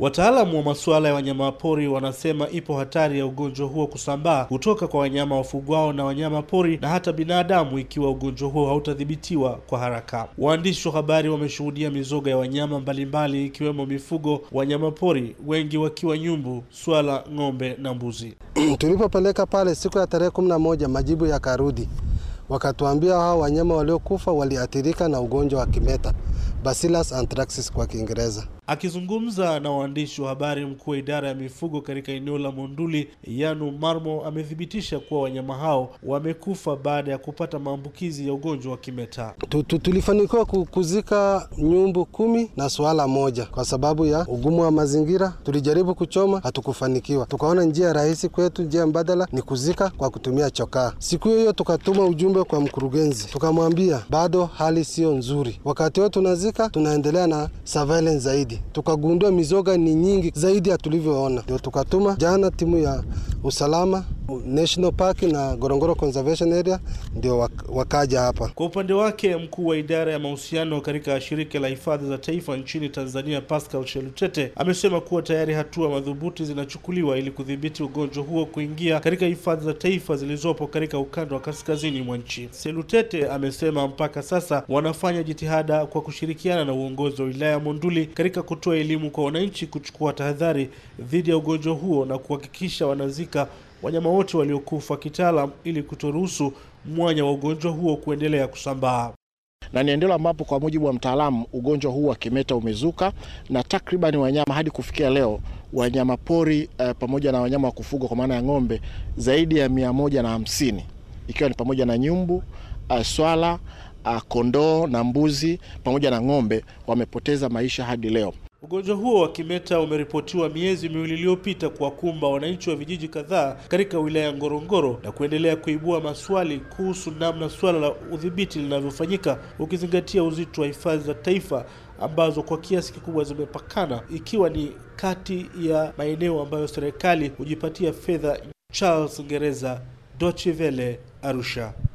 Wataalamu wa masuala ya wanyama pori wanasema ipo hatari ya ugonjwa huo kusambaa kutoka kwa wanyama wafugwao na wanyama pori na hata binadamu ikiwa ugonjwa huo hautadhibitiwa kwa haraka. Waandishi wa habari wameshuhudia mizoga ya wanyama mbalimbali ikiwemo mifugo, wanyama pori wengi wakiwa nyumbu, swala, ng'ombe na mbuzi. Tulipopeleka pale siku ya tarehe kumi na moja majibu yakarudi, wakatuambia hao wanyama waliokufa waliathirika na ugonjwa wa kimeta, Bacillus anthracis kwa Kiingereza. Akizungumza na waandishi wa habari, mkuu wa idara ya mifugo katika eneo la Monduli Yanu Marmo amethibitisha kuwa wanyama hao wamekufa baada ya kupata maambukizi ya ugonjwa wa kimeta. Tulifanikiwa kuzika nyumbu kumi na swala moja. Kwa sababu ya ugumu wa mazingira, tulijaribu kuchoma, hatukufanikiwa. Tukaona njia rahisi kwetu, njia mbadala ni kuzika kwa kutumia chokaa. Siku hiyo hiyo tukatuma ujumbe kwa mkurugenzi, tukamwambia bado hali siyo nzuri, wakati huo tunazika tunaendelea na surveillance zaidi tukagundua mizoga ni nyingi zaidi ya tulivyoona, ndio tukatuma jana timu ya usalama National Park na Gorongoro Conservation Area ndio wakaja hapa. Kwa upande wake, mkuu wa idara ya mahusiano katika shirika la hifadhi za taifa nchini Tanzania, Pascal Shelutete, amesema kuwa tayari hatua madhubuti zinachukuliwa ili kudhibiti ugonjwa huo kuingia katika hifadhi za taifa zilizopo katika ukanda wa kaskazini mwa nchi. Shelutete amesema mpaka sasa wanafanya jitihada kwa kushirikiana na uongozi wa wilaya Monduli katika kutoa elimu kwa wananchi kuchukua tahadhari dhidi ya ugonjwa huo na kuhakikisha wanazika wanyama wote waliokufa kitaalam ili kutoruhusu mwanya wa ugonjwa huo kuendelea kusambaa na ni endelo ambapo kwa mujibu wa mtaalamu ugonjwa huu wa kimeta umezuka na takribani wanyama hadi kufikia leo wanyama pori eh, pamoja na wanyama wa kufugwa kwa maana ya ng'ombe zaidi ya mia moja na hamsini ikiwa ni pamoja na nyumbu, eh, swala, eh, kondoo na mbuzi pamoja na ng'ombe wamepoteza maisha hadi leo. Ugonjwa huo wa kimeta umeripotiwa miezi miwili iliyopita kuwakumba wananchi wa vijiji kadhaa katika wilaya ya Ngorongoro na kuendelea kuibua maswali kuhusu namna suala la udhibiti linavyofanyika ukizingatia uzito wa hifadhi za taifa ambazo kwa kiasi kikubwa zimepakana ikiwa ni kati ya maeneo ambayo serikali hujipatia fedha. Charles Ngereza, Dochevele, Arusha.